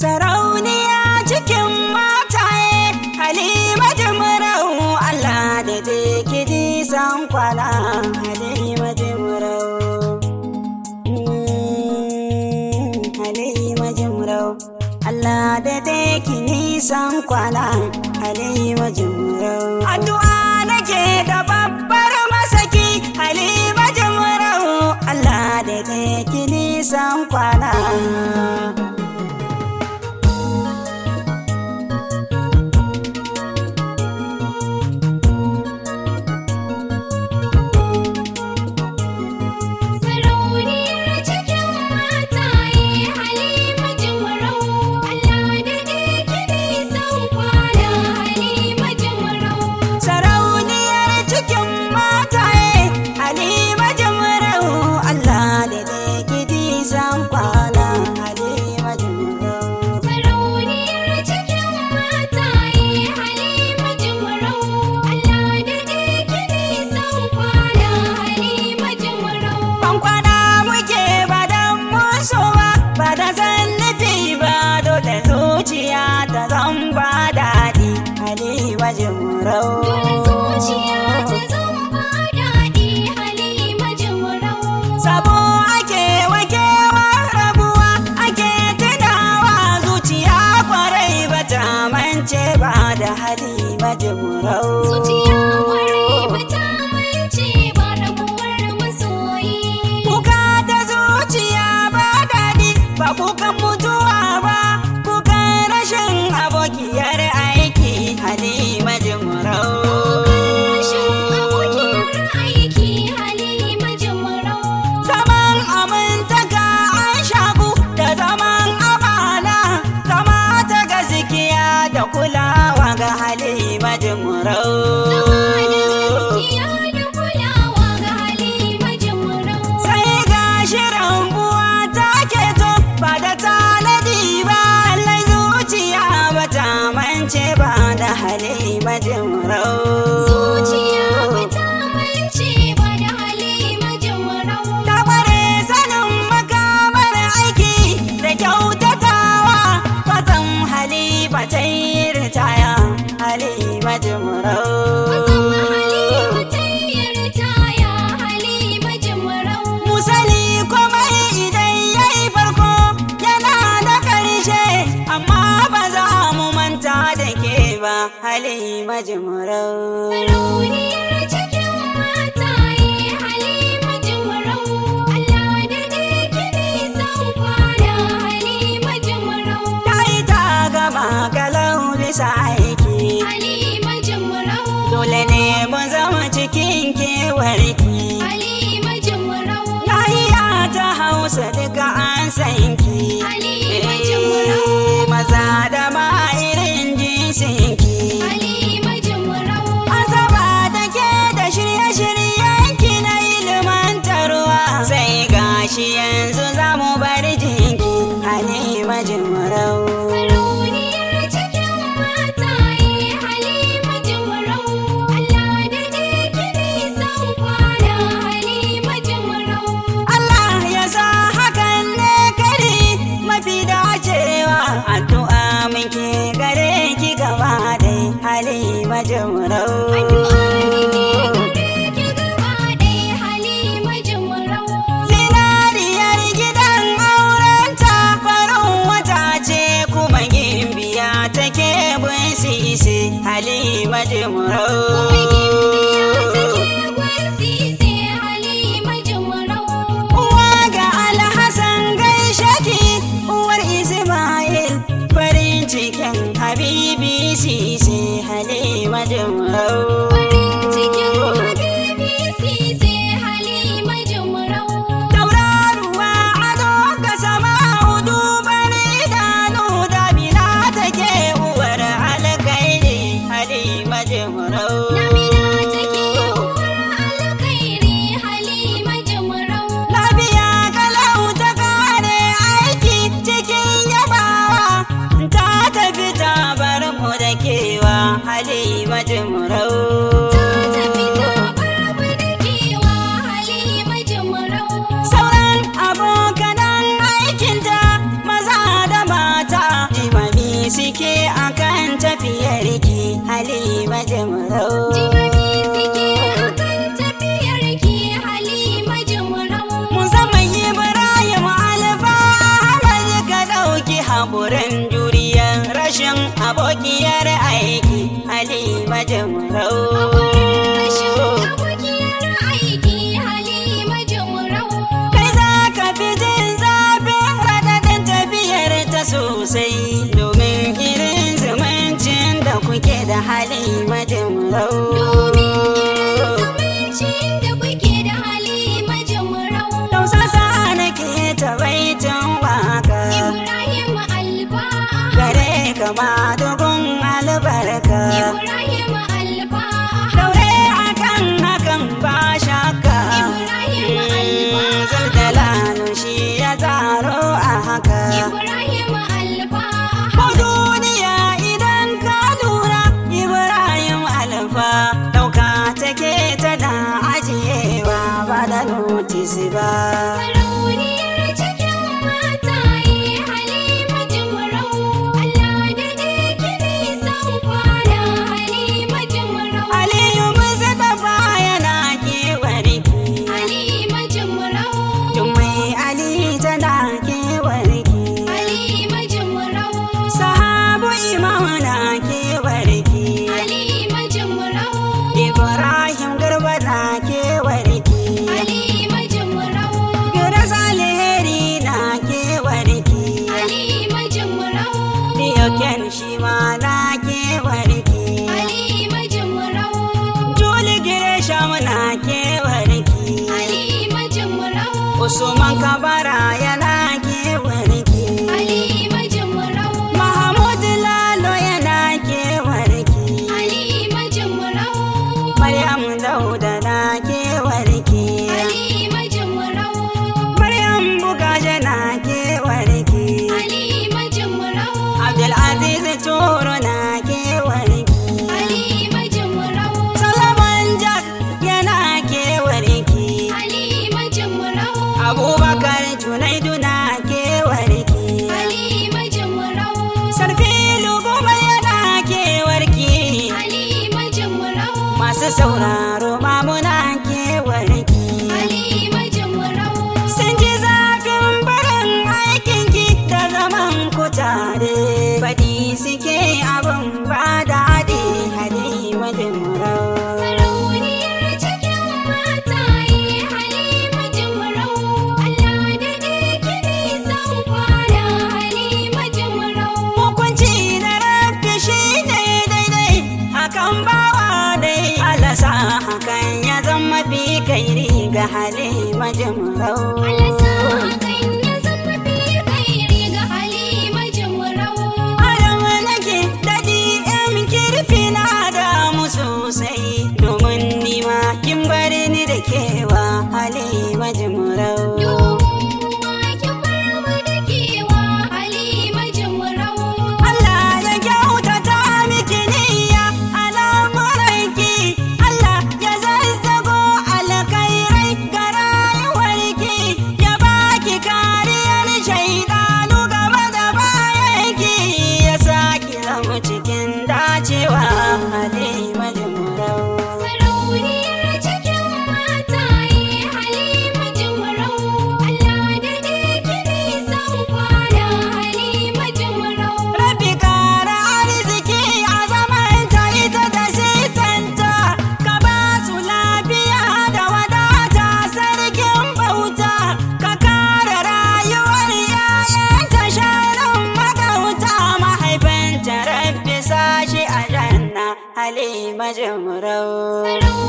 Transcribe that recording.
sarauniya cikin mataye halima jimrau Allah da take ji san kwana halima jimrau mm, halima jimrau Allah da take nisan kwana halima jimrau jimurau Sabo ake wa rabuwa ake tunawa zuciya kwarai bata mance ba da Halima majimurau kusa daga an sanki. Ali, wajen hali majin rau Usuman sauraro ba muna kewarki sun ji zafin barin aikin ki da zaman kutare baɗi faɗi suke majin rau.